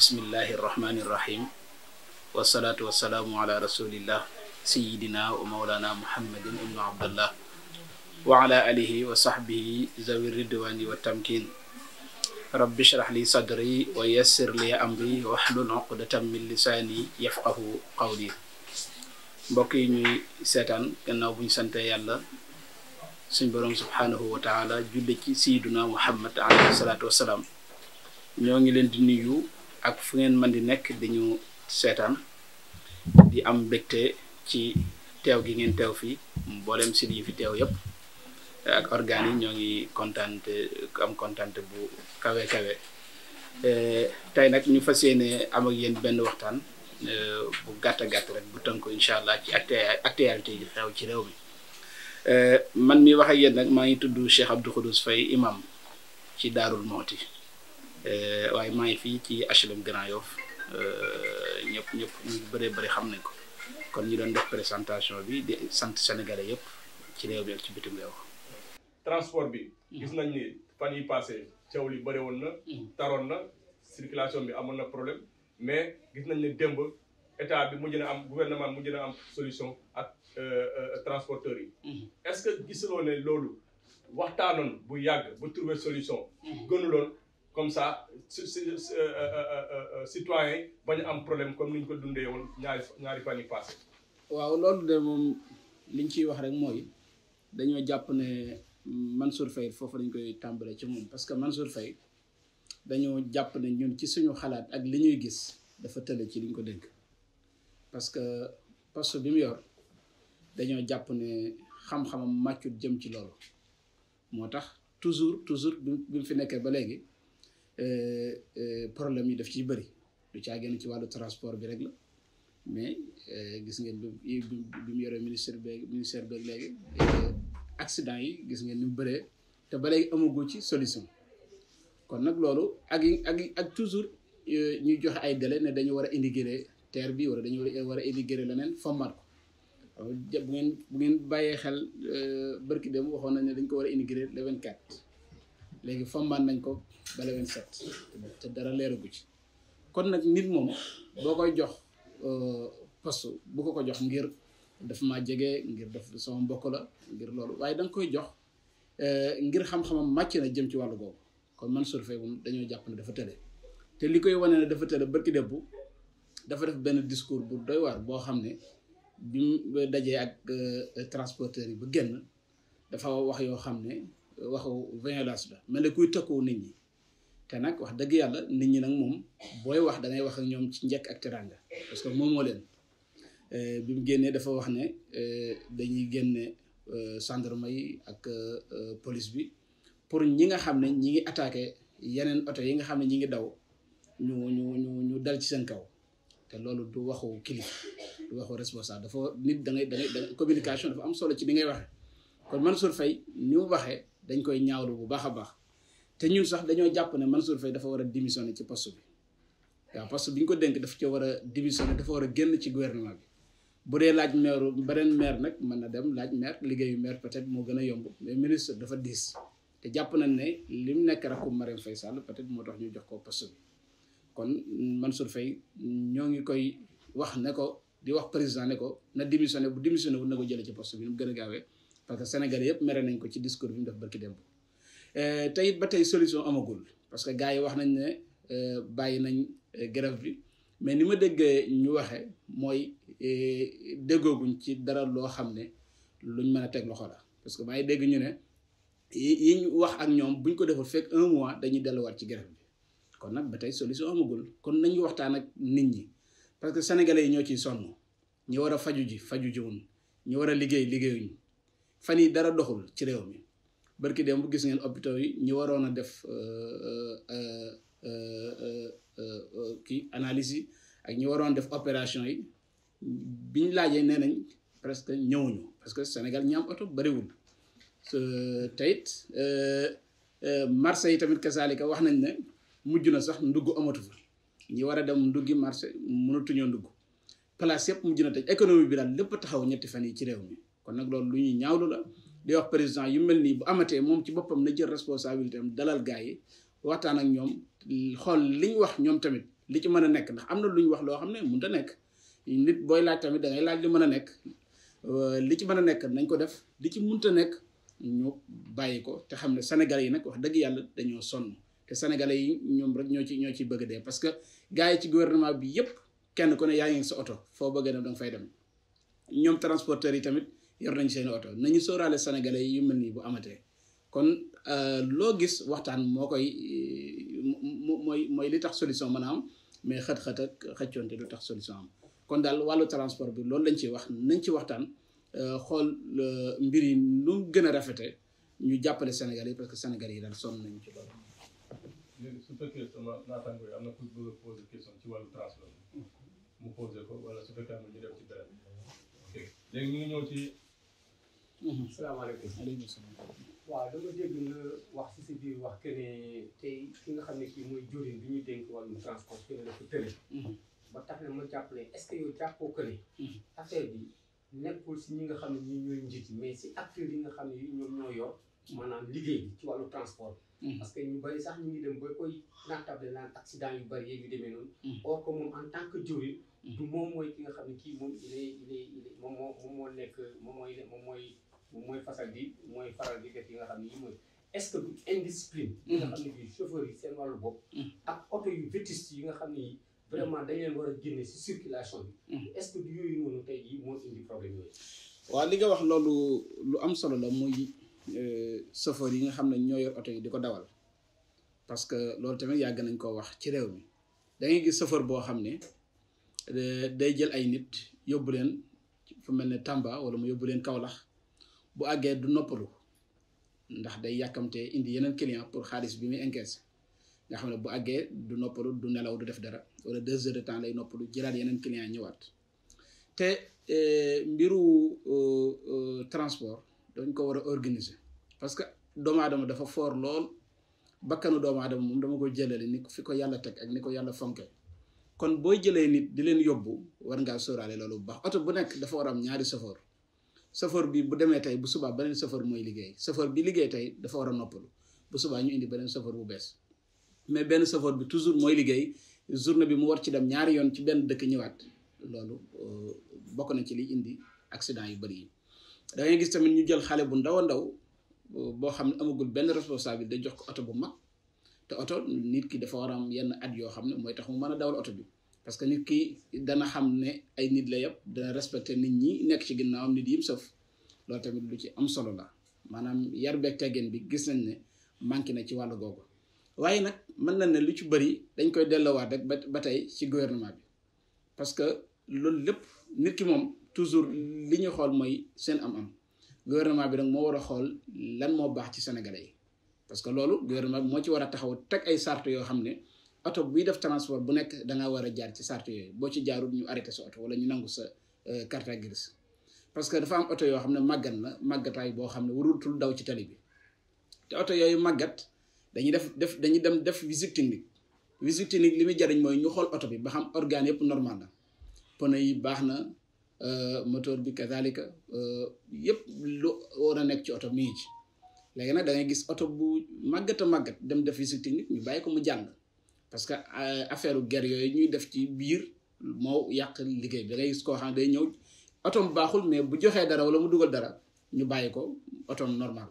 bismillahi irrahmani irrahim wasalaatu wasalaamu ala rasulillah sayidina wa maulana muhammadin ibnu abdallah wa ala wa sahbihi zawi ridwani wa tamkin rabbi shrah li sadri wa yassir li amri wahlul uqdatan min lisaani yafqahu qawli mbokk yi ñuy seetaan gannaaw bu ñu sante yàlla suñ boroom subhaanahu wa taala julli ci sayyidina muhammad alayhi salaatu wasalaam ñoo ngi leen di nuyu ak fu ngeen man di nekk diñu seetaan di am mbégte ci teew gi ngeen teew fii mboolem si yi fi teew yëpp ak organes yi ñoo ngi kontaan am kontaan bu kawe kawe eh, tey nag ñu fas yéene am ak yéen benn waxtaan eh, bu gàtt gàtt rek bu tënk incha allah ci actualité yi xew ci réew mi eh, man mi wax ak yéen nag maa ngi tudd Cheikh Abdou Khoudous Faye imam ci Daarul Mooti Eh, waaye maa ngi fii ci HLM Grand Yoff eh, ñëpp ñëpp ñu bëree bëri xam nañ ko kon ñu doon def présentation bi di sant sénégalais yëpp ci réew mi ak ci bitim réew. transport bi. gis nañ ni fan yi passé coow li bëri woon na. Mm. taroon na circulation bi amoon na problème mais gis nañ ne démb état bi mujj na am gouvernement mujj na am solution ak euh, euh, transporteurs yi. Mm. est-ce que gisuloo ne loolu waxtaanoon bu yàgg bu trouver solution. Mm. gënuloon. comme ça su su euh, euh, euh, citoyen yi bañ am problème comme ni ñu ko dundee woon ñaari ñaari fan yi waaw loolu de moom liñ ciy wax rek mooy dañoo jàpp ne Mansour Faye foofu dañ koy tàmbale ci moom parce que Mansour Faye dañoo jàpp ne ñun ci suñu xalaat ak li ñuy gis dafa tële ci liñ ko dénk parce que poste bi mu yor dañoo jàpp ne xam-xamam jëm ci loolu moo tax toujours toujours bi fi nekkee ba léegi Euh, euh, problème yi def ciy bëri lu caa génn ci wàllu transport bi rek la mais euh, gis ngeen bi bi mu yore ministère beeg ministère beeg léegi accident yi gis ngeen ni mu bëree te ba léegi ci solution kon nag loolu ak yi ak ak toujours ñuy joxe ay délai ne dañu war a intégrer terre bi wala dañu war a intégrer leneen fommaat ko. bu ngeen bu ngeen bàyyee xel barki dem waxoon nañ ne dañ ko war a intégrer le 24 léegi fombaan nañ ko ba le 27 te dara leeragu ci kon nag nit moom boo koy jox euh, poste bu ko ko jox ngir dafa maa jege ngir def sama mbokk la ngir loolu waaye da nga koy jox euh, ngir xam-xamam màcc na jëm ci wàllu boobu kon Mansour Faye moom dañuy jàpp ne dafa tële te li koy wane ne dafa tële bërki bu dafa def benn discours bu doy waar boo xam ne bi mu dajee ak euh, transporteurs yi ba génn dafa wax yoo xam ne waxu violence la mel ne kuy tëkkoo nit ñi te nag wax dëgg yàlla nit ñi nag moom booy wax da wax ak ñoom ci njekk ak teraanga parce que moom moo leen euh, bi mu génnee dafa wax ne euh, dañuy génne euh, gendarme yi ak police bi pour ñi nga xam ne ñi ngi attaqué yeneen oto yi nga xam ne ñi ngi daw ñu ñu ñu ñu dal ci seen kaw te loolu du waxu kilifa du waxu responsable dafa nit da ngay da communication dafa am solo ci li ngay waxe kon man Faye ni mu waxee dañ koy ñaawlu bu baax a baax te ñun sax dañoo jàpp ne Mansour Faye dafa war a démissionner ci poste bi waaw poste bi ñu ko dénk daf ci war a démissionner dafa war a génn ci gouvernement bi bu dee laaj maire beneen maire nag mën na dem laaj maire liggéeyu maire peut-être moo gën a yomb mais ministre dafa diis te jàpp nañ ne li mu nekk rakku Marème Faye Sall peut-être moo tax ñu jox ko poste bi kon man Mansour Faye ñoo ngi koy wax ne ko di wax président ne ko na démissionné bu démissionné wut na ko jëlee ci poste bi nu mu gën a gaawee parce que Sénégalais yëpp mere nañ ko ci discours bi mu def barki démb euh, te it ba tey solution amagul parce que gars yi wax nañ ne euh, bàyyi nañ euh, grève bi mais ni ma déggee ñu waxe mooy déggooguñ ci dara loo xam ne luñ mën a teg loxo parce que maa ngi dégg ñu ne yi ñu wax ak ñoom buñ ko deful fekk un mois dañuy delluwaat ci grève bi kon nag ba tey solution amagul kon nañu waxtaan ak nit ñi parce que sénégalais yi ñoo ciy sonn ñu war a faju ji faju jiwuñ ñu war a liggéey liggéeyuñ fan yi dara doxul ci réew mi barki de bu gis ngeen hôpitaux yi ñu waroon a def euh, euh, euh, kii analyse yi ak ñu waroon def opération yi biñ laajee nee nañ presque ñëwuñu parce que Sénégal ñaam am oto bariwul te it marché yi tamit kasaalika wax nañ ne mujj na sax ndugg amatu fa ñi war a dem nduggi marché mënatuñoo ndugg place yëpp mujj na tëj économie bi daal lépp taxaw ñetti fan yi ci réew mi kon nag loolu lu ñuy ñaawlu la di wax président yu mel nii bu amatee moom ci boppam na jël responsabilité am dalal gaa yi waxtaan ak ñoom xool li ñu wax ñoom tamit li ci mën a nekk ndax am na lu ñu wax loo xam ne mënut a nekk nit booy laaj tamit da laaj li mën a nekk euh, li ci mën a nekk nañ ko def li ci mënut a nekk ñu bàyyi ko te xam ne sénégalais yi nag wax dëgg yàlla dañoo sonn te sénégalais yi ñoom rek ñoo ci ñoo ciy bëgg dee parce que gars yi ci gouvernement bi yépp kenn ku ne yaa ngi oto foo bëgg a dem fay dem yor nañ seen oto nañu sóoraale sénégalais yi yu mel nii bu amatee kon euh, loo gis waxtaan moo koy mooy mooy li tax solution mën am mais xët-xët ak xëccoonte lu tax solution am kon daal wàllu transport bi loolu lañ ci wax nañ ci waxtaan euh, xool euh, mbir yi nu gën a rafete ñu jàppale Sénégal yi parce que Sénégal yi daal sonn nañu ci loolu. yi am ci wàllu transport mu Mm-hmm. salaamaaleykum aleykum salaam waaw dama dégg nga wax si si biir wax que ne tey ki nga xam ne kii mooy jëriñ bi ñu dénk wàllum transport que ne dafa tële ba tax na ma jàpp ne est-ce que yow jàppoo que ne mm-hmm. affaire bi nekkul si ñi nga xam ne ñu ñooy njiit mais si acteurs yi nga xam ne yi ñoom ñoo yor maanaam liggéey bi ci wàllu transport mm-hmm. parce que ñu bari sax ñu ngi dem ba koy naatable naan accident yu bari yeeg yu demee noonu. or que moom en tant que jëwriñ. du moom mooy ki kii moom il moo mooy fasal di mooy faral di def yi nga xam ne yi mooy est-ce que yi nga xam ne bii chauffeur yi seen wàllu bopp mm. ak oto yu vétuste yi nga xam ne yi vraiment dañ leen war a génne si circulation bi mm. est-ce jii moo indi problème yooyu waaw li nga wax loolu lu am solo la muy euh, chauffeur yi nga xam ne ñoo yor oto yi di ko dawal parce que loolu tamit yàgg nañ koo wax ci réew mi da gis chauffeur boo xam ne euh, day jël ay nit yóbbu leen fu mel ne Tamba wala mu yóbbu leen kaw lax bu àggee du noppalu ndax day yàkkamtee indi yeneen client pour xaalis bi muy encaisse nga xam ne bu àggee du noppalu du nelaw du def dara wala deux heures de temps lay noppalu jëlaat yeneen client ñëwaat te e, mbiru e, e, transport dañ ko war a organiser parce que doomu aadama dafa foor lool bakkanu doomu aadama moom dama ko jëlale ni fi ko yàlla teg ak ni ko yàlla fonke kon booy jëlee nit di leen yóbbu war ngaa sóoraale loolu bu baax oto bu nekk dafa war am ñaari safoor chauffeur bi bu demee tey bu subaa beneen chauffeur mooy liggéey chauffeur bi liggéey tey dafa war a noppalu bu subaa ñu indi beneen chauffeur bu bees mais benn chauffeur bi toujours mooy liggéey journée bi mu war ci dem ñaari yoon ci benn dëkk ñëwaat loolu euh, bokk na ci liy indi accident yu bëri yi da ngay gis tamit ñu jël xale bu ndaw a ndaw euh, boo xam ne amagul benn responsabilité jox ko oto bu mag te oto nit ki dafa war am yenn at yoo xam ne mooy tax mu mën a dawal oto bi parce que nit ki dana xam ne ay nit la yëpp dana respecté nit ñi nekk ci am nit yim sëf loolu tamit lu ci am solo la maanaam yar beeg teggin bi gis nañ ne manqué na ci wàllu googu waaye nag mën na ne lu ci bëri dañ koy delloowaat rek ba ba tey ci gouvernement bi parce que loolu lépp nit ki moom toujours li ñu xool mooy seen am-am gouvernement bi nag moo war a xool lan moo baax ci sénégalais yi parce que loolu gouvernement bi moo ci war a taxaw te ay sart yoo xam ne. oto buy def transport bu nekk da war a jaar ci sart yooyu boo ci jaarul ñu arrêté sa oto wala ñu nangu sa euh, carte grise parce que dafa am oto yoo xam ne màggat na màggataay boo xam ne warutul daw ci tali bi te oto yooyu màggat dañuy def def dañuy dem def visite technique visite li muy jariñ mooy ñu xool oto bi ba xam organe yëpp normal na pneu yi baax na euh, moteur bi kazalika euh, yëpp lu war a nekk ci oto mi ngi léegi nag da ngay gis oto bu màggat a màggat dem def visite technique ñu bàyyi ko mu jàll parce que euh, affaire guerre yooyu ñuy def ci biir moo yàq liggéey bi da gis koo xam day ñëw otom baaxul mais bu joxee dara wala mu dugal dara ñu bàyyi ko otom normal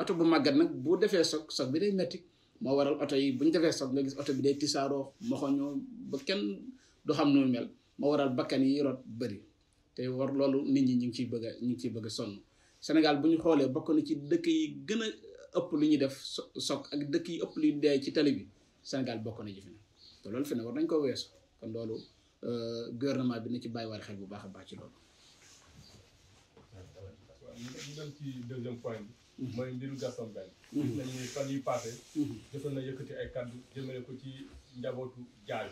oto bu màggat nag bu defee soog bi day metti moo waral oto yi bu ñu defee soog nga gis oto bi day tisaaroo moxoñoo ba kenn du xam nu mel moo waral bakkan yi rot bëri te war loolu nit ñi ñu ngi ciy bëgg a ngi ciy bëgg sonn Sénégal bu ñu xoolee bokk na ci dëkk yi gën a ëpp lu ñuy def soog ak dëkk yi ëpp lu ñuy ci tali bi Sénégal bokk na ji fi ne te loolu fi ne war nañ ko weesu kon loolu euh, gouvernement bi na ci bàyyiwaale xel bu baax a baax ci loolu. ñu dem ci deuxième point bi. Mhm. mooy mbiru Gaston Mbengue. Mhm. gis nañ ni fan yii paase. Mhm. jotoon na yëkkati ay kaddu jëmale ko ci njabootu jaay.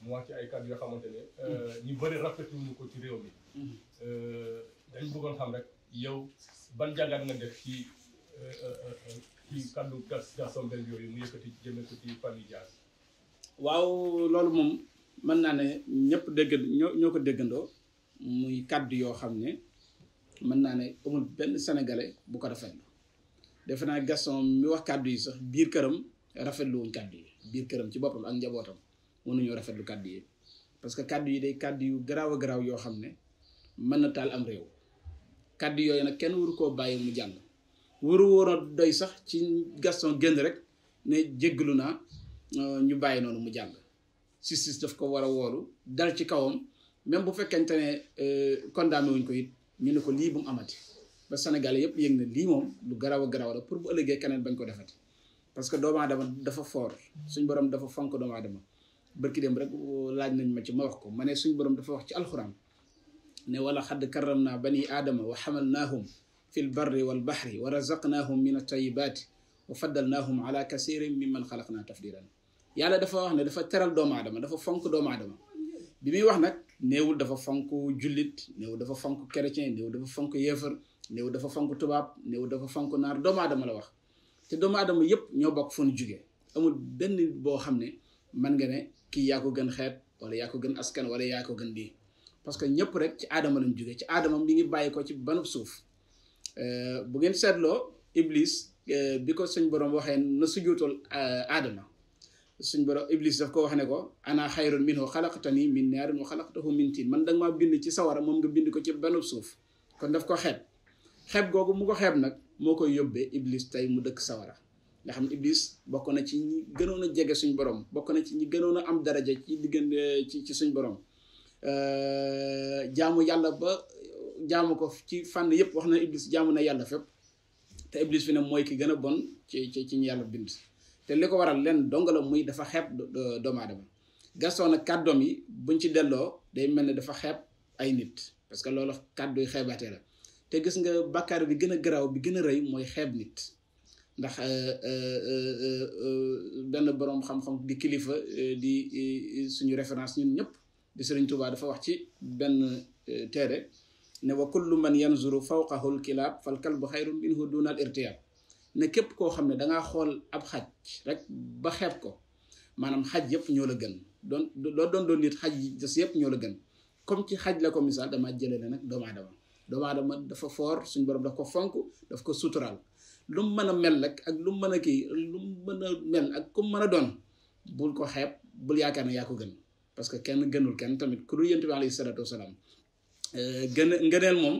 mu wax ci ay kaddu yoo xamante ne. Euh, ñu bëri rafetlu ñu ko ci réew mi. Euh, dañ bëggoon xam rek yow ban jàngat nga def ci. ci kaddu gas gaston Mbengue mu yëkkati jëme ko ci Fallou waaw loolu moom mën naa ne ñëpp dëgg ñoo ko déggandoo muy kaddu yoo xam ne mën naa ne amul benn sénégalais bu ko rafetlu defe naa gaston mi wax kàddu yi sax biir këram rafetlu wuñ kaddu yi biir këram ci boppam ak njabootam mënuñoo rafetlu kaddu yi parce que kàddu yi day kaddu yu garaaw a garaaw yoo xam ne mën na taal am réew kaddu yooyu nag kenn waru koo bàyyi mu jàll. waru woon a doy sax ci Gaston génn rek ne jéggalu naa euh, ñu bàyyi noonu mu jàll justice daf ko war a wóolu dal ci kawam même bu fekkente ne euh, condamné wuñ ko it ñu ne ko lii bu mu amati ba Sénégal yëpp yëg na lii moom lu garaw a garaw la pour bu ëllëgee keneen bañ ko defati parce que doomu aadama dafa foor suñ borom dafa fonk doomu aadama bërki dem rek euh, laaj nañ ma ci ma wax ko ma ne suñ borom dafa wax ci alxuraan ne wala xadd karram naa bani aadama wa xamal naahum a fi lbarri walbaxri wa razaqnaahum min altayibaati wa faddalnaahum ala kasirin mimman xalaqnaa tafdilan yàlla dafa wax ne dafa teral doomu aadama dafa fonk doomu aadama bi muy wax nag néewul dafa fonk jullit néewul dafa fonk chrétien néewul dafa fonk yéefar néewul dafa fonk tubaab néewul dafa fonk naar doomu aadama la wax te doomu aadama yépp ñoo bokk fu ñu jugee amul benn boo xam ne man nga ne kii yaa ko gën xeet wala yaa ko gën askan wala yaa ko gën lii parce que ñëpp rek ci aadama lañ jugee ci aadama mi ngi bàyyi ko ci suuf Euh, bu ngeen seetloo iblis euh, bi ko suñ borom waxee na sujjuutal euh, aadama suñ borom iblis daf ko wax ne ko ana xayrun minhu xalaqtani min naarin wa xalaqtahu min tiin man danga maa bind ci sawara moom nga bind ko ci benn suuf kon daf ko xeeb xeeb googu mu ko xeeb nag moo koy yóbbee iblis tey mu dëkk sawara nga xam iblis bokk na ci ñi gënoon a jege suñ borom bokk na ci ñi gënoon a am daraja ci diggante ci ci suñ borom jaamu yàlla ba jaamu ko ci fànn yëpp wax na iblis jaamu na yàlla fépp te iblis fi ne mooy ki gën a bon ci ci ci ñu yàlla bind te li ko waral lenn dong la muy dafa xeeb doomu aadama Gaston nag kàddoom yi buñ ci delloo day mel ni dafa xeeb ay nit parce que loolu kàddu yi xeebaatee la te gis nga bàkkaar bi gën a garaaw bi gën a rëy mooy xeeb nit ndax euh, euh, euh, benn boroom xam-xam di kilifa di suñu référence ñun ñëpp di Sëriñ Tuubaa dafa wax ci benn téere ne wa lu man yanzuru fawqahu lkilaab fal kalbu xayrun minhu duna al irtiyaab ne képp koo xam ne dangaa xool ab xaj rek ba xeeb ko maanaam xaj yëpp ñoo la gën doon loo doon doon nit xaj yi des yëpp ñoo la gën comme ci xaj la ko misaal dama jëlee la nag doomu aadama doomu aadama dafa foor suñ borom daf ko fonk daf ko suturaal lu mu mën a mel rek ak lu mu mën a kii lu mu mën a mel ak ku mën a doon bul ko xeeb bul yaakaar ne yaa ko gën parce que kenn gënul kenn tamit ku dul yonent bi alayhi salaatu Euh, gën a ngëneel moom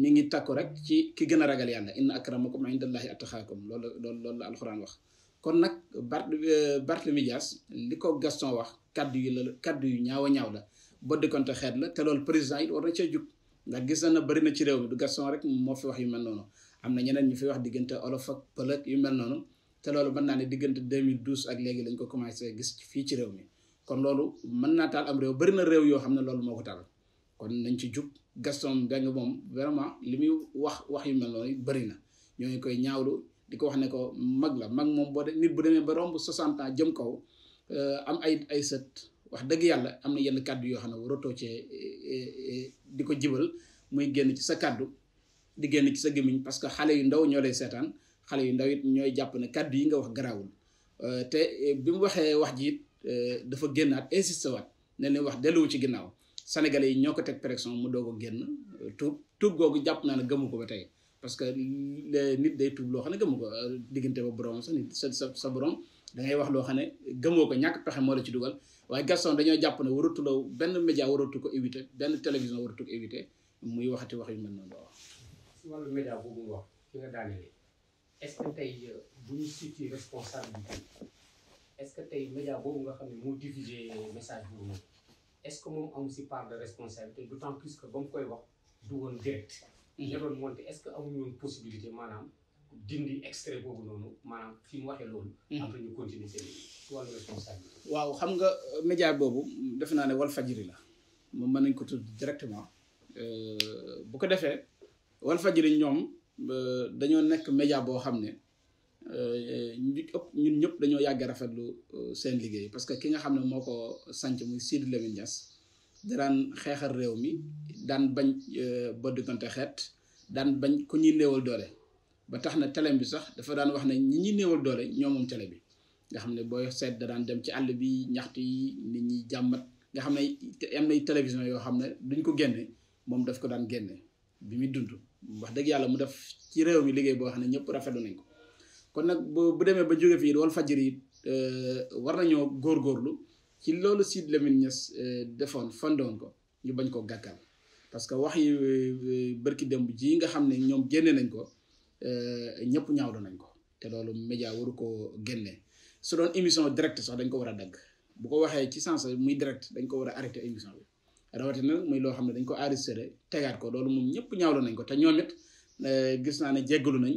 mi ngi takku rek ci ki gën a ragal yàlla inna akramakum indallahi attaqaakum loolu loolu loolu la alxuraan wax kon nag Bart euh, Barthélemy li ko Gaston wax kaddu yi la kaddu yu ñaaw a ñaaw la boddikonte xeet la te loolu président it cee jug ndax gis na na bëri na ci réew mi du Gaston rek moo fi wax yu mel noonu am na ñeneen ñu fi wax diggante olof ak pël yu mel noonu te loolu mën naa ne diggante 2012 ak léegi lañ ko commencé gis fii ci réew mi kon loolu mën naa taal am réew bëri na réew yoo xam ne loolu moo ko taal kon nañ ci jug Gaston Mbengue moom vraiment li muy wax wax yu mel noonu bëri na ñoo ngi koy ñaawlu di ko wax ne ko mag la mag moom boo de nit bu demee ba romb 60 ans jëm kaw euh, am ay ay sët wax dëgg yàlla am na yenn kàddu yoo xam ne warutoo cee eh, eh, di ko jibal muy génn ci sa kàddu di génn ci sa gémmiñ parce que xale yu ndaw ñoo lay seetaan xale yu ndaw it ñooy jàpp ne kàddu yi nga wax garaawul euh, te eh, bi mu waxee wax jiit it euh, dafa at insisté waat ne ne wax delluwu ci ginnaaw sénégalais yi ñoo ko teg pression mu doog a génn euh, tuub tuub googu jàpp naa ne gëmu ko ba tey parce que nit day tuub loo xam ne gëmu ko euh, diggante ba borom sa nit sa sa sa borom da wax loo xam ne gëmoo ko ñàkk pexe moo la ci dugal waaye Gaston dañoo jàpp ne waratu la benn média waratu ko éviter benn télévision waratu ko éviter muy waxati wax yu mel noonu waaw. si wàllu média boobu nga wax fi nga est-ce que tey euh, bu ñu situé responsabilité est-ce que tey média boobu nga xam ne moo diffusé message boobu est-ce que moom amu si par de responsabilité d'autant plus que ba mu koy wax du woon direct. ña mhm. doon monté est-ce que amuñu woon possibilité maanaam dindi extrait boobu noonu maanaam fi mu waxee loolu. Mhm. après ñu continuer seen ci waaw xam nga euh, média boobu defe naa ne wal fajiri la moom mën nañ ko tudd directement euh, bu ko defee wal fajiri ñoom euh, dañoo nekk média boo xam ne. Euh, ñu ëpp ñun ñëpp dañoo yàgg rafetlu euh, seen liggéey parce que ki nga xam ne moo ko sanc muy Sidy Lamine Niass daan xeexal réew mi daan bañ euh, ba diggante xeet daan bañ ko ñuy néewal doole ba tax na télé bi sax dafa daan wax ne ñi ñuy néewal doole ñoo moom télé bi nga xam ne booy seet da daan dem ci àll bi ñaxtu yi nit ñi jàmbat nga xam ne am nay télévision yoo xam ne duñ ko génne moom daf ko daan génne bi muy dund wax dëgg yàlla mu def ci réew mi liggéey boo xam ne ñëpp rafetlu nañ ko kon nag bu demee ba jóge fii Walfadjri yi euh, war nañoo góorgóorlu ci loolu Sidy Lamine Niass euh, defoon fandoon ko ñu bañ koo gàkkal parce que wax yi euh, bërki dëmb ji nga xam ne ñoom génne nañ ko ñëpp ñaawlu nañ ko te loolu média waru ko génne su doon émission direct sax dañ ko war a dagg bu ko waxee ci sens muy direct dañ ko war a arrêté émission bi rawatina muy loo xam ne dañ ko enregistré tegaat ko loolu moom ñëpp ñaawlu nañ ko te ñoom it gis naa ne jéggalu nañ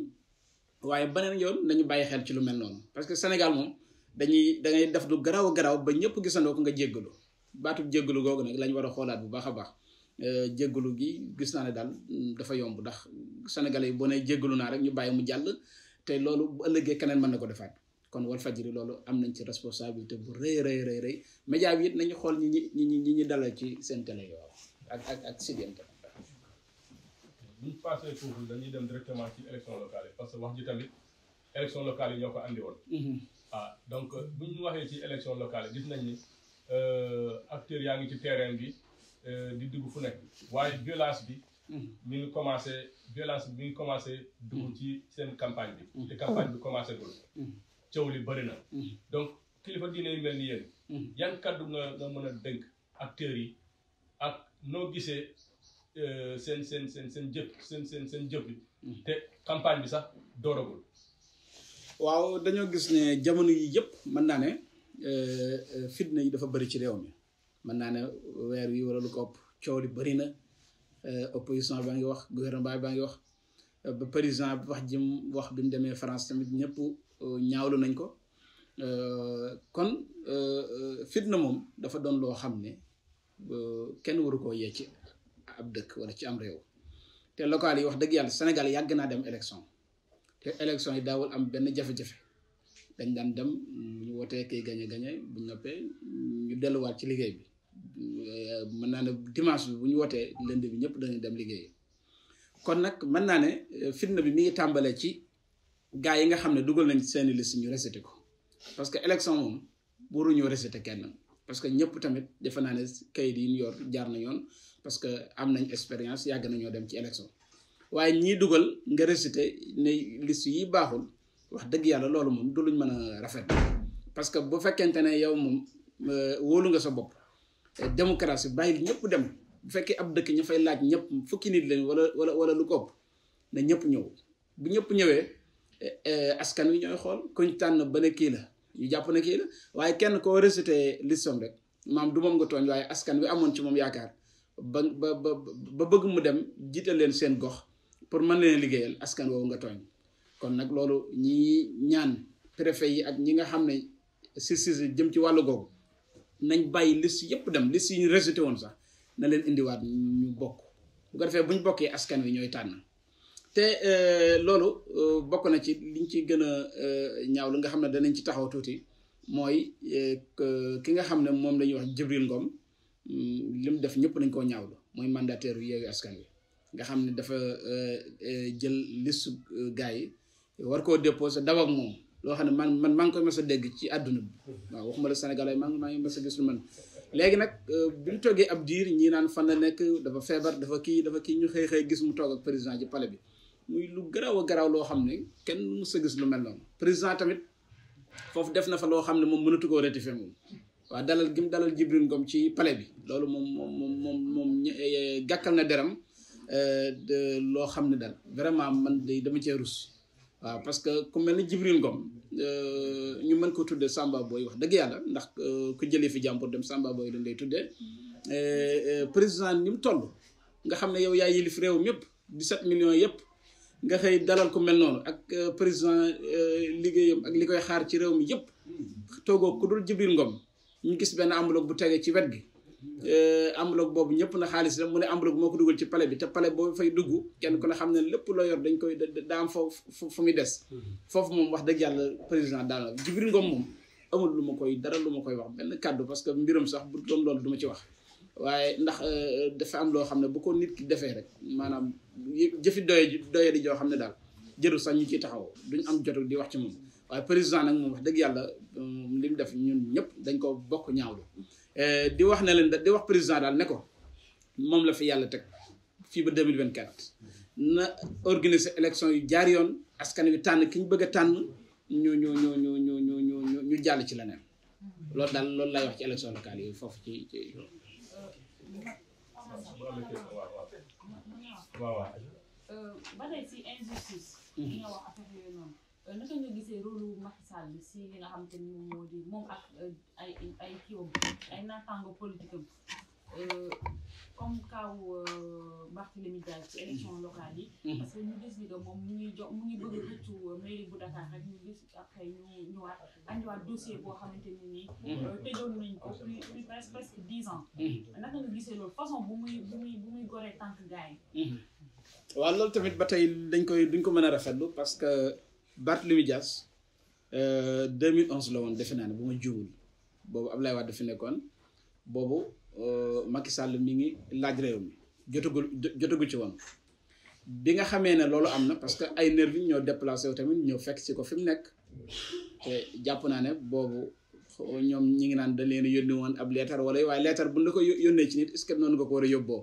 waaye beneen yoon nañu bàyyi xel ci lu mel noonu parce que Sénégal moom dañuy da ngay def lu garaaw garaaw ba ñëpp gisandoo ko nga jéggalu baatu jéggalu googu nag lañu war a xoolaat bu baax a baax euh, jéggalu gi gis naa ne daal mm, dafa yomb ndax senegal yi boo ne jéggalu naa rek ñu bàyyi mu jàll te loolu bu ëllëgee keneen mën na ko defaat kon Walfadjri loolu am nañ ci responsabilité bu rëy rëy rëy rëy média bi it nañu xool ñi ñi ñi ñi ñi dalal ci seen télé waaw ak ak bu ñu passé foofu dañuy dem directement ci élection locale yi parce que wax ji tamit élection locale yi ñoo ko andi woon. Mhm. Ah, donc bu ñu waxee ci élection locale yi gis nañ ni euh, acteurs yaa ngi ci terrain bi euh, di dugg fu nekk waaye violence bi. Mhm. mi ngi commencé violence bi mi ngi commencé. dugg mhm. ci seen campagne bi. te campagne bi commencé gul. coow li bëri na. donc kilifa diine yi mel ni yéen. yan kaddu nga nga mën a dënk acteurs yi ak Euh, seen seen seen seen jëf seen seen seen jëf bi te campagne bi sax dooragul waaw dañoo gis ne jamono yi yëpp mën naa ne euh, euh, fitna yi dafa bëri ci réew mi mën naa ne weer wi wala lu ko ëpp coow li bëri na opposition baa ngi wax gouvernement baa ngi wax ba président bi wax jëm wax bi mu demee France tamit ñëpp ñaawlu nañ ko kon fitna moom dafa doon loo xam ne kenn waru koo yecce ab dëkk wala ci am réew te local yi wax dëgg yàlla Sénégal yàgg naa dem élection te élection yi daawul am benn jafe-jafe dañ daan dem ñu wootee kay gañe gañe bu ñu noppee ñu delluwaat ci liggéey bi euh, mën naa ne dimanche bi bu ñu wootee lundi bi ñëpp dañuy dem liggéey kon nag mën naa ne euh, fitna bi mi tàmbalee ci gaa yi nga xam ne dugal nañ seeni liste ñu rejeté ko parce que élection moom waruñoo rejeté kenn. parce que ñëpp tamit defe naa ne kayit yi ñu yor jaar na yoon parce que am nañ expérience yàgg nañoo dem ci élection waaye ñii dugal nga récité ne listu yi baaxul wax dëgg yàlla loolu moom du luñ mën a rafet parce que bu fekkente ne yow moom euh, wóolu nga sa bopp euh, démocratie bàyyil ñëpp dem bu fekkee ab dëkk ñu fay laaj ñëpp fukki nit lañ wala wala wala lu ëpp na ñëpp ñëw bu ñëpp ñëwee euh, askan wi ñooy xool koñ tànn ba ne kii la ñu jàpp ne kii la waaye kenn koo rejeté listam rek maam du moom nga tooñ waaye askan wi amoon ci moom yaakaar ba ba ba bëgg mu dem jiital leen seen gox pour mën leen liggéeyal askan woowu nga tooñ kon nag loolu ñi ñaan préfet yi ak ñi nga xam ne service yi jëm ci wàllu googu nañ bàyyi liste yëpp dem liste yi ñu woon sax na leen indiwaat ñu bokk bu ko defee bu ñu bokkee askan wi ñooy tànn. te euh, loolu euh, bokk na ci liñ ci gën a euh, ñaaw lu nga xam ne danañ ci taxaw tuuti mooy ki nga xam ne moom la ñuy wax Jibril Ngom mm, li def ñëpp nañ koo ñaawlu mooy mandataire yu Yewwi Askan Wi nga xam ne dafa jël liste gars yi war koo déposé daw ak moom loo xam ne man man maa ngi koy mës a dégg ci àdduna bi waaw waxuma la Sénégal ay maa ngi maa ngi mës a gis lu man léegi nag bi ñu toggee ab diir ñi naan fan la nekk dafa feebar dafa kii dafa kii ñu xëy xëy gis mu toog ak président ji pale bi muy lu garaaw a garaaw loo xam ne kenn mu sa gis lu mel noonu président tamit foofu def na fa loo xam ne moom mënatu koo rectifier moom waaw dalal gi mu dalal Jibril Ngom ci pale bi loolu moom moom moom moom eh, eh, gàkkal na deram eh, loo xam ne daal vraiment man day dama cee rus waaw parce que ku mel ni Jibril Ngom euh, ñu mën ko tuddee Samba booy wax dëgg yàlla ndax euh, ku jëlee fi jàmbur dem Samba booy dañ lay tuddee président ni mu toll nga xam ne yow yaa yilif réew mi yëpp 17 millions yëpp nga xëy dalal ku mel noonu ak euh, président euh, liggéeyam ak li koy xaar ci réew mi yëpp toogoo ku dul Jibril Ngom ñu gis benn enveloppe bu tege ci wet gi euh, enveloppe boobu ñëpp na xaalis la mu moo ko dugal ci palais bi te palais boo fay dugg kenn ku ne xam ne lépp loo yor dañ koy daa am foofu fu muy des foofu moom wax dëgg yàlla président daal la moom amul lu ma koy dara lu ma koy wax benn kàddu parce que mbiram sax bu doon loolu du ma ci wax waaye ndax dafa am loo xam ne bu ko nit ki defee rek maanaam jëfi doye doye di joo xam ne daal jëru sax ñu ciy taxaw duñ am jotul di wax ci moom waaye président nag moom wax dëgg yàlla li mu def ñun ñëpp dañ koo bokk ñaawlu eh, di wax ne leen di wax président daal ne ko moom la fi yàlla teg fii ba vingt 2024 na organiser élection yu jaar yoon askan wi tànn ki ñu bëgg a tànn ñu ñu ñu ñu ñu ñu ñu ñu jàll ci leneen loolu daal loolu lay wax ci élection locale yi foofu ci ci euh, waaw waaw. Euh, ba tey si injustice. Mhm. li nga wax affaire yooyu noonu. Euh, naka nga gisee rôle Macky Sall si li nga xam te ni moom moo di moom euh, ay ay kiiwam ay naataango politique am Euh, comme kaw euh, Barthélémy Dias ci élection locale yi. Mhm. parce que ñu gis ni que moom mu ngi jox mu ngi bëgg a xëccu euh, mairie bu Dakar rek ñu gis après ñu ñëwaat andiwaat dossier boo xamante ne nii. Mhm. tëjoon nañ ko plus mhm. naka nga gisee loolu façon bu muy bu goree tànk gars waaw loolu tamit ba tey dañ koy duñ ko mën a rafetlu parce que Barthélémy Dias 2011 la woon defe naa ne bu ma juumul boobu Ablaye Wade fi nekkoon boobu. Euh, Macky Sall mi ngi laaj réew mi jotagul jotagul ci woon bi nga xamee ne loolu am na parce que ay nervi ñoo déplacé wu tamit ñoo fekk si ko fi mu nekk te jàpp naa ne boobu ñoom ñi ngi naan da leen yónni waan ab leetar wala waaye leetar bu la ko yónnee ci nit est-ce que noonu nga ko war a yóbboo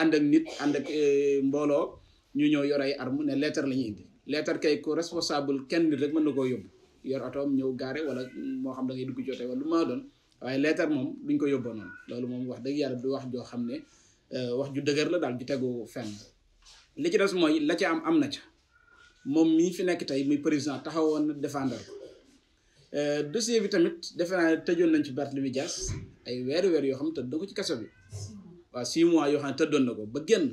ànd ak nit ànd ak euh, mbooloo ñu ñoo yor ay arme ne leetar la ñuy indi leetar kay ko responsable kenn nit rek mën na koo yóbbu yor otoom ñëw gaare wala moo xam da ngay dugg jotee wala lu ma doon waaye leetar moom duñ ko yóbboo noonu loolu moom wax dëgg yàlla du wax joo xam ne euh, wax ju dëgër la daal ju tegu fenn li ci des mooy la ci am am na ca moom mii fi nekk tey muy président taxawoon na défendre ko euh, dossier bi tamit defe tëjoon nañ ci Barthélémy Dias ay weeri weer yoo xam ne tëdd na ci kaso bi waaw six mois yoo xam ne tëddoon na ko ba gën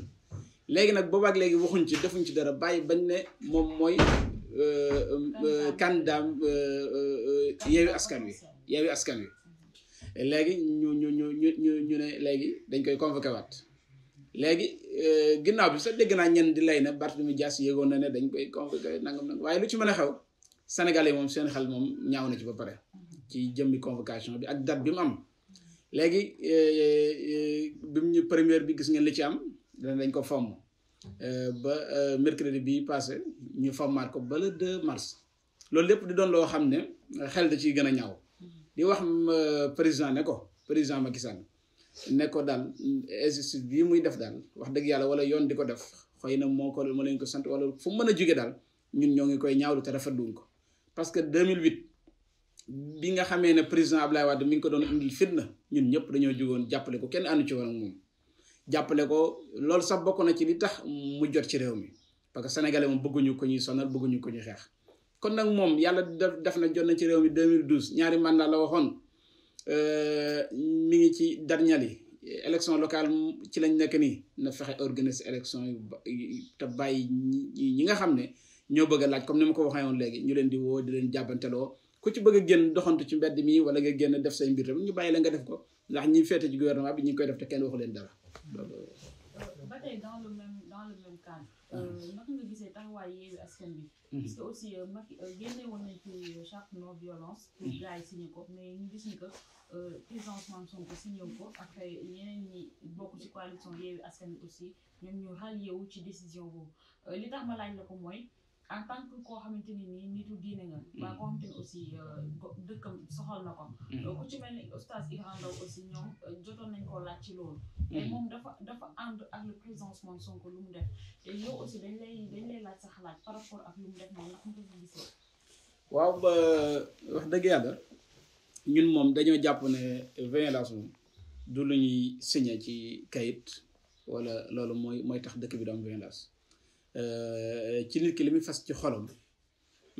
léegi nag boobaak léegi waxuñ ci defuñ ci dara bàyyi bañ ne moom mooy euh, candidat yeewi askan wi yeewi askan wi léegi ñu ñu ñu ñu ñu ñu ne léegi dañ koy convoqué waat léegi euh, ginnaaw bi sax dégg naa ñenn di lay ne Barthélemy Dias yéegoon na ne dañ koy convoqué nangam nangam waaye lu ci mën a xew sénégalais moom seen xel moom ñaaw na ci ba pare ci jëmmi convocation bi ak date bi mu am léegi euh, euh, bi mu ñu première bi gis ngeen li ci am dañ ko fomm ba mercredi bi passé ñu fommaat ko ba le 2 mars loolu lépp di doon loo xam ne xel da ciy gën a ñaaw di wax euh, président ne ko président Macky Sall ne ko daal injustice bii muy def daal wax dëgg yàlla wala yoon di ko def xëy na moo ko moo leen ko sant wala fu mu mën a jóge daal ñun ñoo ngi koy ñaawlu te rafetluñ ko parce que deux 2008 bi nga xamee ne président Ablaye Wade mi ngi ko doon indil fitna ñun ñëpp dañoo jógoon jàppale ko kenn àndu ci woon moom jàppale ko loolu sax bokk na ci li tax mu jot ci réew mi parce que sénégalais bëgguñu ko ñuy sonal bëgguñu ko ñuy xeex kon nag moom yàlla def na jot nañ ci réew mi 2012 ñaari mandat la waxoon euh, mi ngi ci darñal yi local locale ci lañ nekk nii na fexe organiser élection yu te bàyyi ñi nga xam ne ñoo bëgg a laaj comme ni ma ko waxee woon léegi ñu leen di woo di leen jàbbanteloo ku ci bëgg a génn doxantu ci mbedd mi wala nga génn def say mbir tamit ñu bàyyi la nga def ko ndax ñi féete ci gouvernement bi ñu ngi koy def te kenn waxu leen dara. Ah. Euh, naka nga gisee taxawaay Yewwi Askan Wi. Mhm. parce que aussi euh, Macky euh, génne woon nañ ci charte non violence. pour mhm. gars yi signé ko mais ñu gis ni que président Ousmane Sonko signé ko ak ñeneen ñi bokk ci coalition Yewwi Askan aussi ñoom ñu rallié wu ci décision boobu li tax ma la ko moy en tant que koo xamante ni nii nitu diine nga. waa mm. koo xamante ni aussi euh, dëkkam soxal na ko. Mm. Euh, ku ci mel ni oustaz euh, nañ koo laaj ci loolu. Mm. moom dafa dafa ànd ak le président Ousmane Sonko lu mu def te yow aussi dañ lay dañ lay laaj par rapport ak lu mu def moom dëgg yàlla ñun moom dañoo jàpp ne violence moom du lu ñuy signé ci kayit wala loolu mooy mooy tax dëkk bi du am Euh, ci nit ki li muy fas ci xolam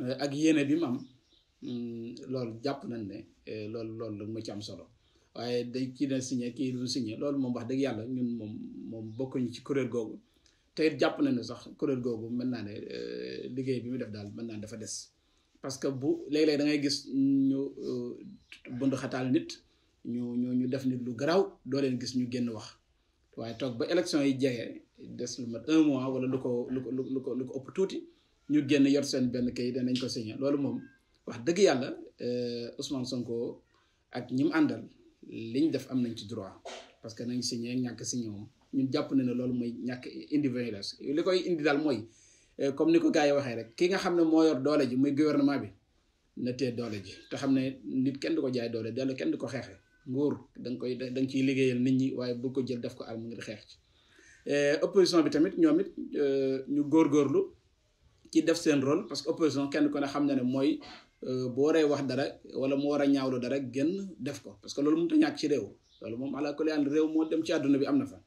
euh, ak yéene bi maam am mm, loolu jàpp nañ ne euh, loolu loolu moo ci am solo waaye day kii na signé kii du signé loolu moom wax dëgg yàlla ñun moom moom bokkuñu ci kuréel googu te jàpp nañ ne sax kuréel googu mën naa ne liggéey bi mu def daal mën naa dafa des parce que bu léeg-léeg da ngay gis ñu bund xataal nit ñu ñu ñu def nit lu garaaw doo leen gis ñu génn wax waaye toog ba élection yi jege des lu mat un mois wala lu ko lu ko lu ko lu ko ëpp tuuti ñu génn yor seen benn kayit danañ ko signé loolu moom wax dëgg yàlla euh, Ousmane Sonko ak ñi mu àndal liñ def am nañ ci droit parce que nañ signé ñàkk signé moom ñu jàpp na ne loolu mooy ñàkk indi violence li koy indi daal mooy euh, comme ni ko gars yi waxee rek ki nga xam ne moo yor doole ji muy guvernement bi na tee doole ji te xam ne nit kenn du ko jaay doole dellu kenn di ko xeexee nguur da koy da nga ciy liggéeyal nit ñi waaye bu ko jël def ko àll mu xeex ci Euh, opposition bi tamit ñoom it euh, ñu góor góorlu ci def seen rôle parce que opposition kenn ko ne xam na ne mooy euh, bu waree wax dara wala mu war a ñaawlu dara gën def ko parce que loolu mënut a ñàkk ci réew loolu moom ala kulli àll réew moo dem ci àdduna bi am na fa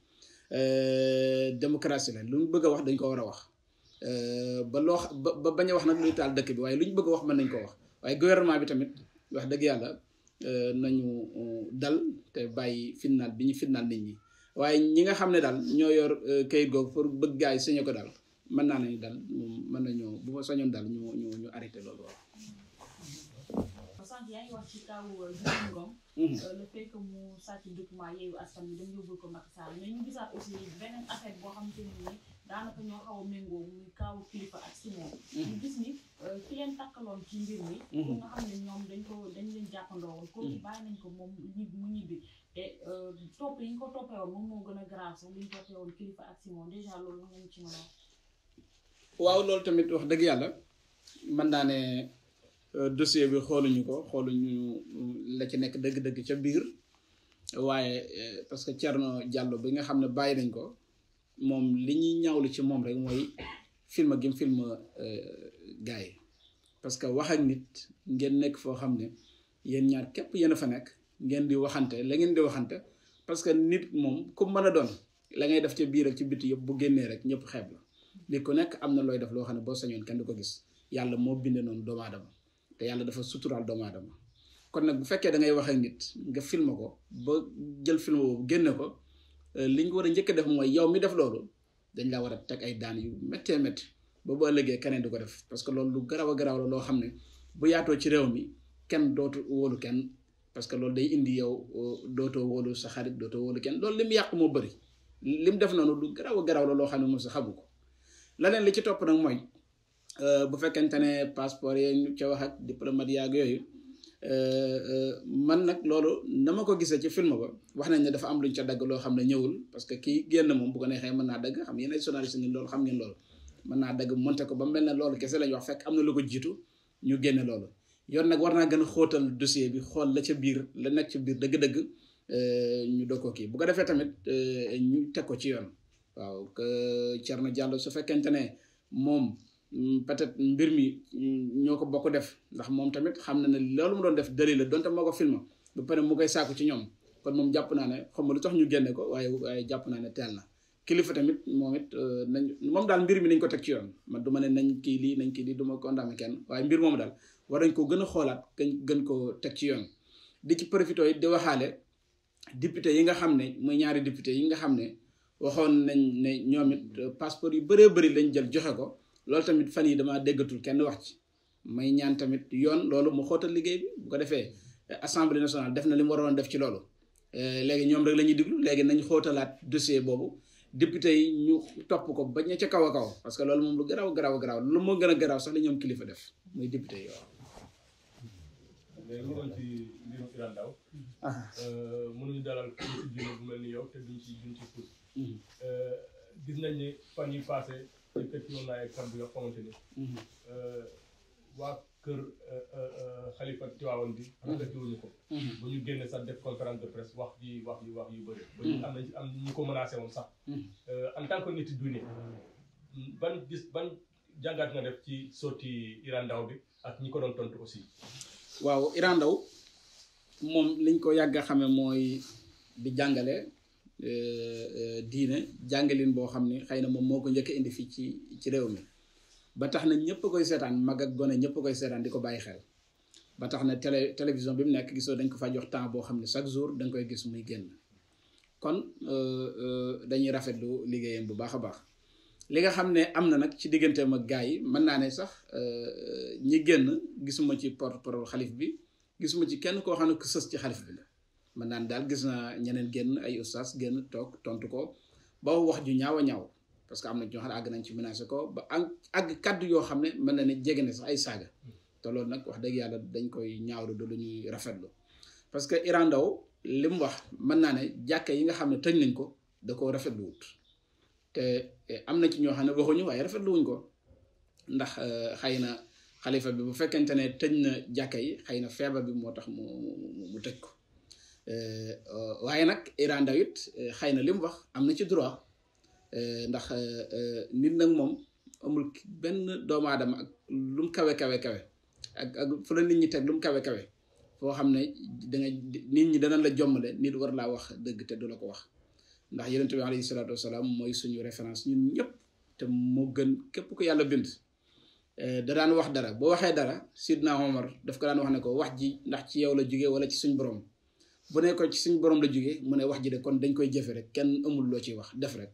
démocratie la lu mu bëgg wax dañ ko war a wax ba loo ba bañ a wax nag luy dëkk bi waaye lu ñu bëgg a wax mën nañ ko wax waaye gouvernement bi tamit wax dëgg yàlla nañu dal te bàyyi fitnaal bi ñu fitnaal nit ñi waaye ñi nga xam ne daal ñoo yor euh, kayit googu pour bëgg gaay yi ko daal mën naa nañu dal moom mën nañoo bu ma sañoon daal ñu ñu ñu arrêté loolu waaw. sànq yaa ngi wax ci euh, daanaka ñoo xaw a méngoo muy kilifa ak si moom mhm. ñu gis ni euh, ki leen takkaloon ci mbir mi mhm. mhm. ko moom ñib mu ñibbi te euh, topp yi ko toppee woon moom moo gën a grave sax li ñu kilifa ak si moom dèjà loolu nañ ci mën a waaw loolu tamit wax dëgg yàlla mën naa ne euh, dossier bi xooluñu ko xooluñu la ci nekk dëgg-dëgg ca biir waaye parce que Thierno Diallo bi nga xam ne bàyyi nañ ko moom li ñuy ñaawlu ci moom rek mooy film gi mu film euh, gars yi parce que wax ak nit ngeen nekk foo xam ne yéen ñaar képp yéen a fa nekk ngeen di waxante la ngeen di waxante parce que nit moom ku mën a doon la ngay def ca biir ak ci biti yëpp bu génnee rek ñëpp xeeb la nit ku nekk am na looy def loo xam ne boo sañoon kenn du ko gis yàlla moo binde noonu doomu te yàlla dafa suturaal doomu kon nag bu fekkee da ngay wax nit nga film ko ba jël film boobu génne ko. Euh, li nga war a njëkk def mooy yow mi def loolu dañ laa war a teg ay daan yu méttee métti ba boo ëllëgee keneen du ko def parce que loolu lu garaaw a garaaw la loo xam ne bu yaatoo ci réew mi kenn dootu wóolu kenn parce que loolu day indi yow euh, dootoo woolu sa xarit dootoo wóolu kenn loolu lim yàqu moo bëri lim def noonu lu garaw a garaaw la loo xam ne moom sa xabu ko leneen li ci topp nag mooy euh, bu fekkente ne passeport yee ñu ca wax ak diplomate yaag yooyu Euh, euh, man nag loolu na ma ko gisee ci film ba wax nañ ne dafa am luñ ca dagg loo xam ne ñëwul parce que kii génn moom bu ko neexee mën naa dagg xam yéen ay journaliste ngeen xam ngeen loolu mën naa dagg monte ko ba mel ne loolu kese lañ wax fekk am na ko jiitu ñu génne loolu yoon nag war naa gën a xóotal dossier bi xool la ca biir la nekk ca biir dëgg-dëgg euh, ñu doo ko kii bu ko defee tamit ñu teg ko ci yoon waaw na Diallo su fekkente ne moom Mm, peut-être mbir mi mm, ñoo ko bokk def ndax moom tamit xam na ne loolu mu doon def dëli la donte moo ko filma pare mu koy sàkku ci ñoom kon moom jàpp naa ne xam nga lu tax ñu génne ko waaye waaye jàpp naa ne teel na kilifa tamit moom it euh, nañ moom daal mbir mi nañ ko teg ci yoon man du ma ne nañ kii lii nañ kii lii du ma condamné kenn waaye mbir moom daal war nañ ko gën a xoolaat gën ko teg ci yoon di ci profité di waxaale député yi nga xam ne muy ñaari député yi nga xam ne waxoon nañ ne ñoom it euh, passeport yi bëree bëri lañ jël joxe ko loolu tamit fan yi damaa déggatul kenn wax ci may ñaan tamit yoon loolu mu xóotal liggéey bi bu ko defee eh, assemblée nationale def na li mu waroon def ci loolu eh, léegi ñoom rek la ñuy diglu léegi nañ xootalaat dossier boobu député yi ñu topp ko bañ a ca kaw a kaw parce que loolu moom lu garaaw garaaw garaaw lu moo gën a garaaw sax li ñoom kilifa def muy député yi waaw mënoon ah. euh, mm-hmm. euh, gis nañ ne fan yi yëkkati woon naa ay kàddu yoo xamante ni. Mhm. Euh, waa kër xalifa euh, euh, Tiwaawan bi. Mhm. rafetlu wuñu ko. Mhm. ba ñu génne sax def conférence de presse wax ji wax ji wax yu bëri. ba ñu am nañ am ñu ko menacé woon sax. en tant que nit diine ban gis ban jàngaat nga def ci sotti Iran bi ak ñi ko doon tontu aussi. waaw Iran moom liñ ko yàgg a xamee mooy di jàngale. Euh, euh, diine jàngalin boo xam ne xëy na moom moo ko njëkk indi fii ci ci réew mi ba tax na ñëpp koy seetaan mag ak gone ñëpp koy seetaan di ko bàyyi xel ba tax na télé télévision bi mu nekk gisoo dañ ko fa jox temps boo xam ne chaque jour dañ koy gis muy génn kon euh, dañuy rafetlu liggéeyam bu baax a baax li nga xam ne am na nag ci digganteem ak gars yi mën naa ne sax ñi génn gisuma ci porte-parole xalif bi gisuma ci kenn koo xam ne ku sës ci xalif bi man ne daal gis naa ñeneen génn ay ustaas génn toog tontu ko ba wax ju ñaaw a ñaaw parce que am na ñoo xam ne àgg nañ ci menacé ko ba àgg kaddu yoo xam ne mën na ne jege ne sax ay saaga te loolu nag wax dëgg yàlla dañ koy ñaawlu lu ñuy rafetlu parce que Iran li mu wax mën naa ne jàkka yi nga xam ne tëj nañ ko da koo rafetlu wut te eh, am na ci ñoo xam ne waxuñu waaye rafetlu wuñ ko ndax eh, xëy na xalifa bi bu fekkente ne tëñ na jàkka yi xëy na feebar bi moo tax mu mu tëj ko. Eh, waaye nag Iran dawit eh, xëy na li wax am na ci droit eh, ndax nit nag moom amul benn doomu aadama ak lu mu kawe kawe kawe ak ak fu la nit ñi lu mu kawe kawe foo xam ne danga nit ñi danañ la jommale nit war laa wax dëgg te du la ko wax ndax yonent bi alayhi salaatu wasalaam mooy suñu référence ñun ñëpp te moo gën képp ko yàlla bind da daan wax dara boo waxee dara Sidna Omar daf ko daan wax ne ko wax ji ndax ci yow la jóge wala ci suñ borom bu ne ci suñu borom la jógee mu ne wax ji de kon dañ koy jëfe rek kenn amul loo ciy wax def rek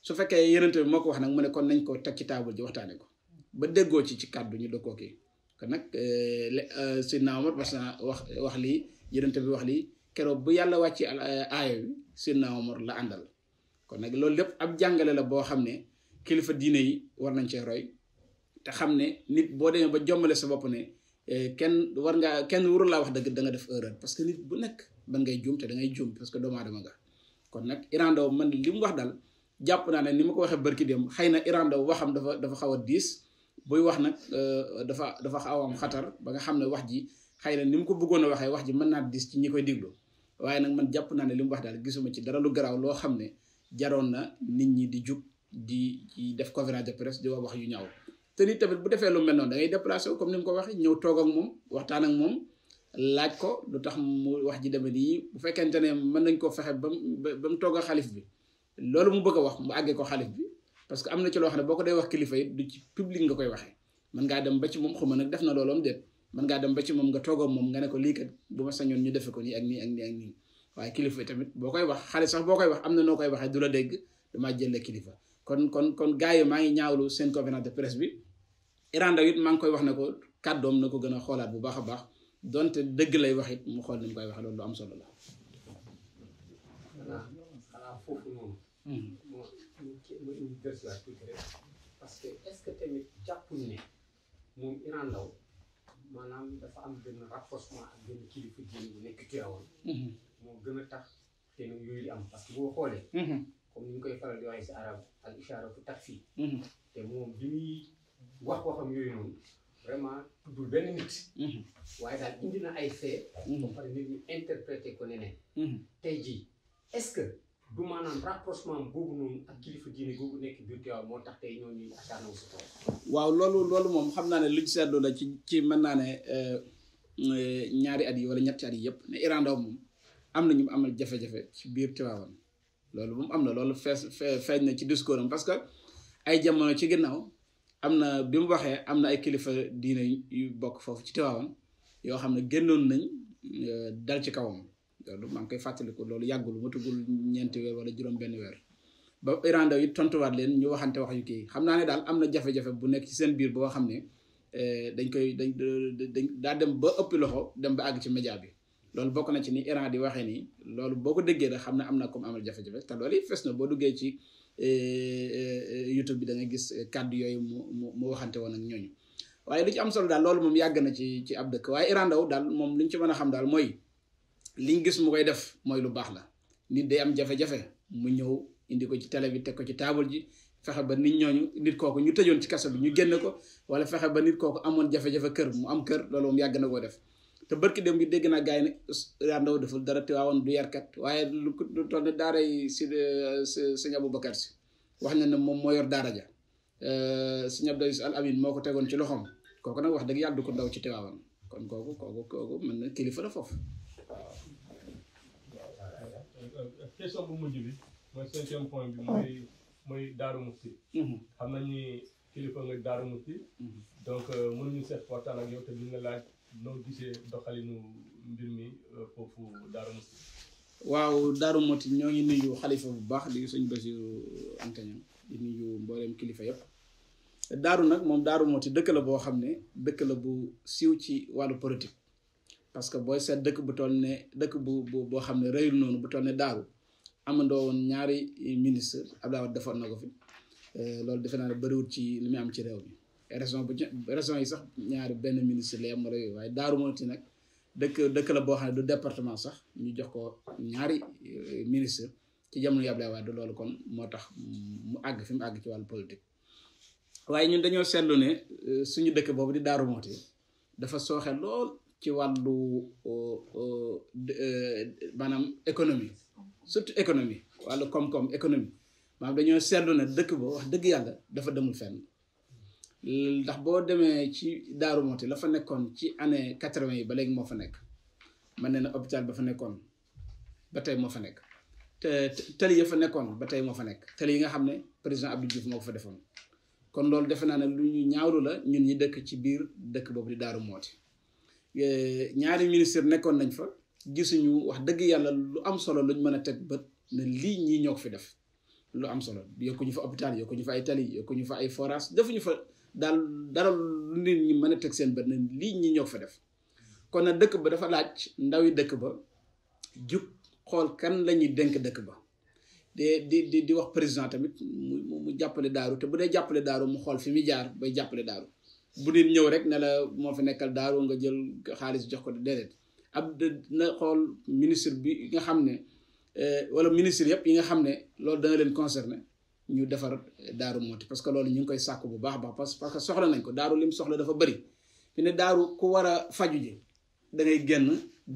su fekkee yenente bi moo ko wax nag mu ne kon nañ ko teg ci taabal ji waxtaane ko ba déggoo ci ci kàddu ñu dokkoo kii kon nag eh, eh, Seydina Omar parce que wax wax lii yenente bi wax lii keroog bu yàlla wàcci eh, aaya bi Seydina Omar la àndal kon nag loolu lépp ab jàngale la boo xam ne kilifa diine yi war nañ cee roy te xam ne nit boo demee ba jommale sa bopp ne kenn war ngaa kenn warul laa wax dëgg da def erreur parce que nit bu nekk ban ngay juum te da ngay juum parce que doomu aadama nga kon nag Iran Ndao man li mu wax dal jàpp naa ne ni ma ko waxee barki dem xëy na Iran Ndao waxam dafa dafa xaw a diis buy wax nag euh, dafa dafa xaw am xatar ba nga xam ne wax ji xëy na ni mu ko bëggoon a waxee wax ji mën naa diis ci ñi koy déglu waaye nag man jàpp naa ne li wax daal gisuma ci dara lu garaaw loo xam ne jaroon na nit ñi di jub di def conférence de presse di wax yu ñaaw te ni tamit bu defee lu mel noonu da ngay déplacé wu comme ni mu ko waxee ñëw toog ak moom waxtaan ak moom. laaj ko lu tax mu wax ji demee nii bu fekkente ne mën nañ koo fexe ba ba mu togg xalif bi loolu mu bëgg wax mu àggee ko xalif bi parce que am na ci loo xam ne boo ko dee wax kilifa du ci public nga koy waxee mën ngaa dem ba ci moom xuma nag def na loolu am mën ngaa dem ba ci moom nga toogoo moom nga ne ko lii kat ñu defe ko nii ak nii ak nii ak nii waaye kilifa tamit boo koy wax xale sax boo koy wax am na noo koy waxee du la dégg damaa jëlee kilifa kon kon kon gars yi maa ngi ñaawlu seen conférence de presse bi Iran it maa ngi koy wax ne ko kàddoom na ko gën a xoolaat bu baax a baax donte dëgg lay wax it mu xool ni mu koy waxee loolu lu am solo la. voilà xanaa foofu noonu. moo hmm. parce que est-ce que tamit jàppuñu ne moom Iran Ndao maanaam dafa am benn rapprochement ak benn kilifa diine bu nekk Tiwaawan. Hmm. moo gën a tax te ñun yooyu di am parce que boo xoolee. Hmm. comme ni ñu koy faral di waxee si arab al ishaaratu takfi. te moom bi muy wax waxam yooyu noonu. vraiment tuddul benn nit. Mhm. waaye na ay fait. Mhm. ba pare nit mhm. tey jii est-ce que du maanaam rapprochement boobu noonu kilifa diine googu nekk biir Tiwaawan moo tax tey ñoo ñuy waaw loolu loolu moom xam naa ne luñ seetlu la ci ci mën naa ne euh, euh, ñaari at yi wala ñetti at yi yëpp ne Iran Ndao moom am na ñu mu amal jafe-jafe ci biir Tiwaawan loolu moom am na loolu fees feeñ na ci discours am parce que ay jamono ci ginnaaw. am na bi mu waxee am na ay kilifa diine yu bokk foofu ci Tiwaawan yoo xam ne génnoon nañ euh, daal ci kawam loolu maa ngi koy fàttaliku loolu yàggul matugul ñeenti weer wala juróom-benn weer ba Iran daw tontuwaat leen ñu waxante wax yu kii xam naa ne daal am na jafe-jafe bu nekk ci seen biir boo xam ne euh, dañ koy dañ dañ daa dem ba ëpp loxo dem ba àgg ci média bi loolu bokk na ci ni Iran di waxee nii boo ko déggee da xam ne am na comme amal jafe-jafe te loolu it fes na boo duggee ci. Eh, eh, YouTube bi da gis eh, kàddu yooyu mu mu mu waxante woon ak ñooñu waaye lu ci am solo daal loolu moom yàgg na ci ci ab dëkk waaye Iran Ndao daal moom li ñu ci mën a xam daal mooy liñ gis mu koy def mooy lu baax la nit day am jafe-jafe mu ñëw indi ko ci télé bi teg ko ci taabal ji fexe ba nit ñooñu nit kooku ñu tëjoon ci kaso bi ñu génn ko wala fexe ba nit kooku amoon jafe-jafe kër mu am kër loolu moom yàgg na koo def te barki dem bi dégg naa gars yi ne yaa ndaw deful dara te waawoon du yarkat waaye lu lu daara yi euh, si sëñ Aboubacar si wax na ne moom moo yor daara ja euh, sëñ Abdou Al Amin moo ko tegoon ci loxoom kooku nag wax dëgg yàlla du ko ndaw ci Tiwaawan kon kooku kooku mën na kilifa la foofu. question bu mujj bi mooy cinquième point bi mooy mooy Daaru mhm. xam nañ kilifa nga Daaru Muxti mhm. donc euh, mën ñu seet waxtaan ak yow te duñ la laaj. noo gisee doxalinu mbir mi euh, foofu Darou Mouhty. waaw Darou Mouhty ñoo ngi nuyu xalifa bu baax di sëñ Basiru Antaña di nuyu mbooleem kilifa yëpp daaru nag moom Darou Mouhty dëkk la boo xam ne dëkk la bu siiw ci wàllu politique. parce que booy seet dëkk bu toll ne dëkk bu boo xam ne rëyul noonu bu toll ne daaru amandoo woon ñaari ministre Abdoulaye Wade defoon na ko fi euh, loolu defe naa ne bëriwul ci li muy am ci réew mi. région bu région yi sax ñaari benn ministre la am wala yooyu waaye Daaru Muxti nag dëkk dëkk la boo xam ne du département sax ñu jox ko ñaari euh, ministre ci jamono yàble waaye du loolu kon moo tax mu àgg fi mu àgg ci wàllu politique waaye ñun dañoo seetlu ne euh, suñu dëkk boobu di Daaru Muxti dafa sooxe lool ci wàllu euh, maanaam économie surtout économie wàllu koom-koom économie dañoo seetlu ne dëkk ba wax dëgg yàlla dafa demul fenn ndax boo demee ci Daaru Mooti la fa nekkoon ci année quatre-vingt yi ba léegi moo fa nekk man ne na hôpital ba fa nekkoon ba tey moo fa nekk te tali ya fa nekkoon ba tey moo fa nekk tali yi nga xam ne président Abdou Diouf moo ko fa defoon kon loolu defe naa ne lu ñu ñaawlu la ñun ñi dëkk ci biir dëkk boobu di Daaru Mooti ñaari ministre nekkoon nañ fa gisuñu wax dëgg yàlla lu am solo lañ mën a teg bët ne lii ñii ñoo ko fi def lu am solo yokkuñu fa hôpital yokkuñu fa ay tali yokkuñu fa ay forage defuñu fa daal dara lu nit ñi mën a teg seen bët ne lii ñi ñëw fa def kon nag dëkk ba dafa laaj ndawi dëkk ba jub xool kan lañuy denk dëkk ba de di di di wax président tamit mu jàppale daaru te bu dee jàppale daaru mu xool fi muy jaar bay jàppale daaru bu nit ñëw rek ne moo fi nekkal daaru nga jël xaalis jox ko déedéet ab na xool ministre bi nga xam ne euh, wala ministre yëpp yi nga xam ne loolu dana leen concerné ñu defar daaru mooti parce que loolu ñu ngi koy sàkku bu baax baax parce parce que soxla nañ ko daaru lim soxla dafa bari fi ne daaru ku war a faju ji da ngay génn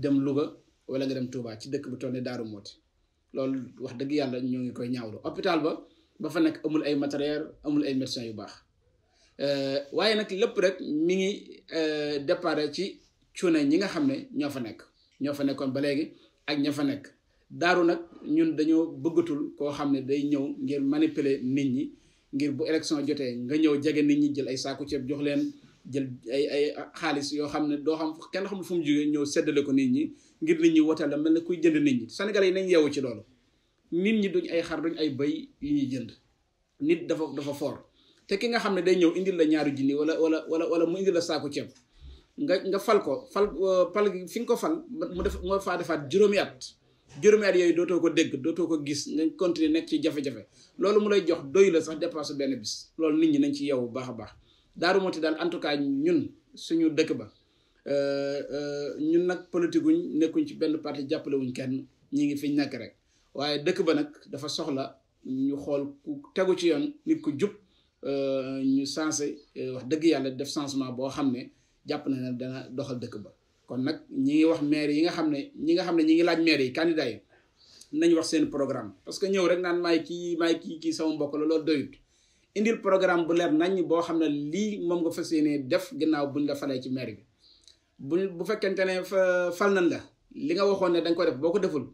dem Louga wala nga dem Touba ci dëkk bu toll daaru mooti loolu wax dëgg yàlla ñoo ngi koy ñaawlu hôpital ba ba fa nekk amul ay matériel amul ay médecins yu baax euh, waaye nag lépp rek mi ngi euh, départ ci cuune ñi nga xam ne ñoo fa nekk ñoo fa nekkoon ba léegi ak ña fa nekk daaru nag ñun dañoo bëggatul koo xam ne day ñëw ngir manipuler nit ñi ngir bu élection jotee nga ñëw jege nit ñi jël ay saaku ceeb jox leen jël ay ay xaalis yoo xam ne doo xam kenn xamul fu mu jógee ñëw seddale ko nit ñi ngir nit ñi wote la mel ne kuy jënd nit ñi yi nañ yeewu ci loolu nit ñi duñ ay xar duñ ay bëy yu jënd nit dafa dafa fort te ki nga xam ne day ñëw indil la ñaari jinni wala wala wala wala mu indil la saaku ceeb nga nga fal ko fal fi nga ko fal mu def nga faa defaat juróomi at juróomi at yooyu dootoo ko dégg dootoo ko gis nga continuer nekk ci jafe-jafe loolu mu lay jox doy la sax dépasse benn bis loolu nit ñi nañ ci yow bu baax a baax Daaru Muxti daal en tout cas ñun suñu dëkk ba euh, euh, ñun nag politique wuñ nekkuñ ci benn parti jàppalewuñ kenn ñi ngi fiñ nakk rek waaye dëkk ba nag dafa soxla ñu xool ku tegu ci yoon nit ku jub euh, ñu sensé wax dëgg yàlla def changement boo xam ne jàpp na ne dana doxal dëkk ba kon nag ñi ngi wax maire yi nga xam ne ñi nga xam ne ñi ngi laaj maire yi candidat yi nañ wax seen programme parce que ñëw rek naan maay kii maay kii kii sama mbokk la loolu doyut indil programme bu leer nañ boo xam ne lii moom nga fas yéenee def ginnaaw buñ la falee ci maire bi bu bu fekkente ne fal nañ la li nga waxoon ne dañ nga ko def boo ko deful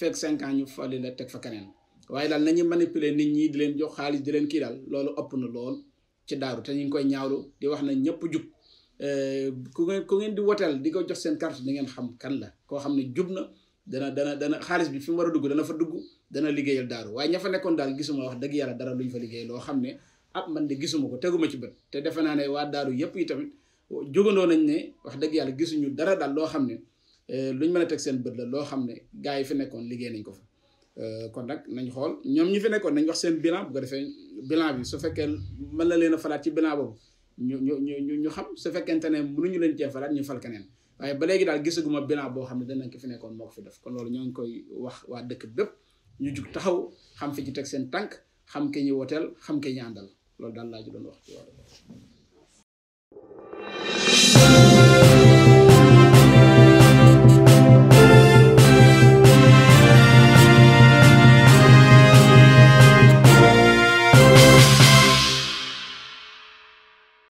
fekk cinq ans ñu fali la teg fa keneen waaye daal nañu manipuler nit ñi di leen jox xaalis di leen kii daal loolu ëpp na lool ci daaru te ñu ngi koy ñaawlu di wax na ñëpp jub Eh, ku ngeen ku ngeen di woteel di ko jox seen carte di ngeen xam kan la koo xam ne jub na dana dana dana xaalis bi fi war a dugg dana fa dugg dana liggéeyal daaru waaye ña fa nekkoon daal gisuma wax dëgg yàlla dara luñ liggéey loo xam ne ah man de gisuma ko teguma ci bët te defe naa ne waa yëpp yi tamit nañ ne wax dëgg yàlla gisuñu dara daal loo xam ne eh, luñ mën a teg seen bët la loo xam ne gars yi fi nekkoon liggéey nañ ko fa eh, kon nag nañ xool ñoom ñi fi nekkoon nañ wax seen bilan bu ko defee bilan bi su fekkee mën na leen a falaat ci bilan boobu ñu ñu ñu ñu xam su fekkente ne ñu leen cee falaat ñu fal keneen waaye ba léegi daal gisaguma bilan boo xam ne danañ ko fi nekkoon moo ko fi def kon loolu ñoo ngi koy wax waa dëkk bépp ñu jug taxaw xam fi ci teg seen tànk xam ke ñu woteel xam ke ñu loolu daal laa ci doon wax ci wàllu